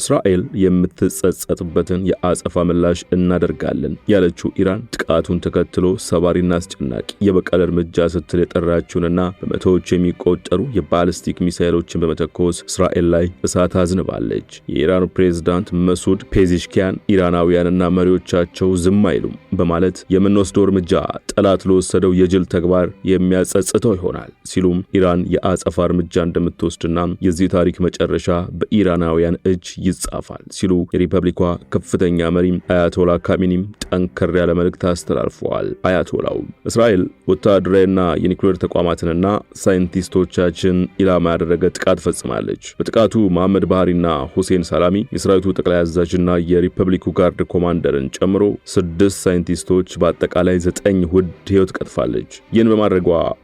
እስራኤል የምትጸጸጥበትን የአጸፋ ምላሽ እናደርጋለን ያለችው ኢራን ጥቃቱን ተከትሎ ሰባሪና አስጨናቂ የበቀል እርምጃ ስትል የጠራችውንና በመቶዎች የሚቆጠሩ የባልስቲክ ሚሳይሎችን በመተኮስ እስራኤል ላይ እሳት አዝንባለች። የኢራኑ ፕሬዝዳንት መሱድ ፔዚሽኪያን ኢራናውያንና መሪዎቻቸው ዝም አይሉም በማለት የምንወስደው እርምጃ ጠላት ለወሰደው የጅል ተግባር የሚያጸጽተው ይሆናል ሲሉም ኢራን የአጸፋ እርምጃ እንደምትወስድና የዚህ ታሪክ መጨረሻ በኢራናውያን እጅ ይጻፋል ሲሉ የሪፐብሊኳ ከፍተኛ መሪም አያቶላ ካሚኒም ጠንከር ያለ መልእክት አስተላልፈዋል። አያቶላው እስራኤል ወታደራዊና የኒውክሌር ተቋማትንና ሳይንቲስቶቻችን ኢላማ ያደረገ ጥቃት ፈጽማለች። በጥቃቱ መሐመድ ባህሪና ሁሴን ሰላሚ የሰራዊቱ ጠቅላይ አዛዥና የሪፐብሊኩ ጋርድ ኮማንደርን ጨምሮ ስድስት ሳይንቲስቶች በአጠቃላይ ዘጠኝ ውድ ሕይወት ቀጥፋለች። ይህን በማድረጓ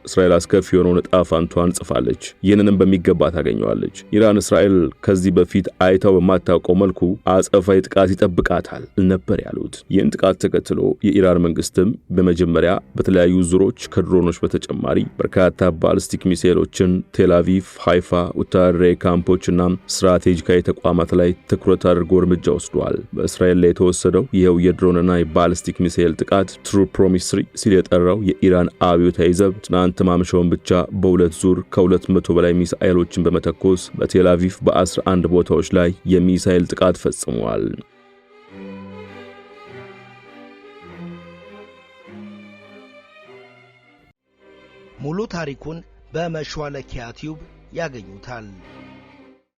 እስራኤል አስከፊ የሆነውን ዕጣ ፋንታዋን ጽፋለች። ይህንንም በሚገባ ታገኘዋለች። ኢራን እስራኤል ከዚህ በፊት አይታው በማታውቀው መልኩ አጸፋዊ ጥቃት ይጠብቃታል ነበር ያሉት። ይህን ጥቃት ተከትሎ የኢራን መንግስትም በመጀመሪያ በተለያዩ ዙሮች ከድሮኖች በተጨማሪ በርካታ ባልስቲክ ሚሳይሎችን ቴላቪቭ ሃይፋ፣ ወታደራዊ ካምፖችና ስትራቴጂካዊ ተቋማት ላይ ትኩረት አድርጎ እርምጃ ወስዷል። በእስራኤል ላይ የተወሰደው ይኸው የድሮንና የባልስቲክ ሚሳይል ጥቃት ትሩ ፕሮሚስሪ ሲል የጠራው የኢራን አብዮታዊ ዘብ ትናንት ማምሻውን ብቻ በሁለት ዙር ከሁለት መቶ በላይ ሚሳኤሎችን በመተኮስ በቴል በ11 ቦታዎች ላይ የ የሚሳኤል ጥቃት ፈጽሟል። ሙሉ ታሪኩን በመሿለኪያ ቲዩብ ያገኙታል።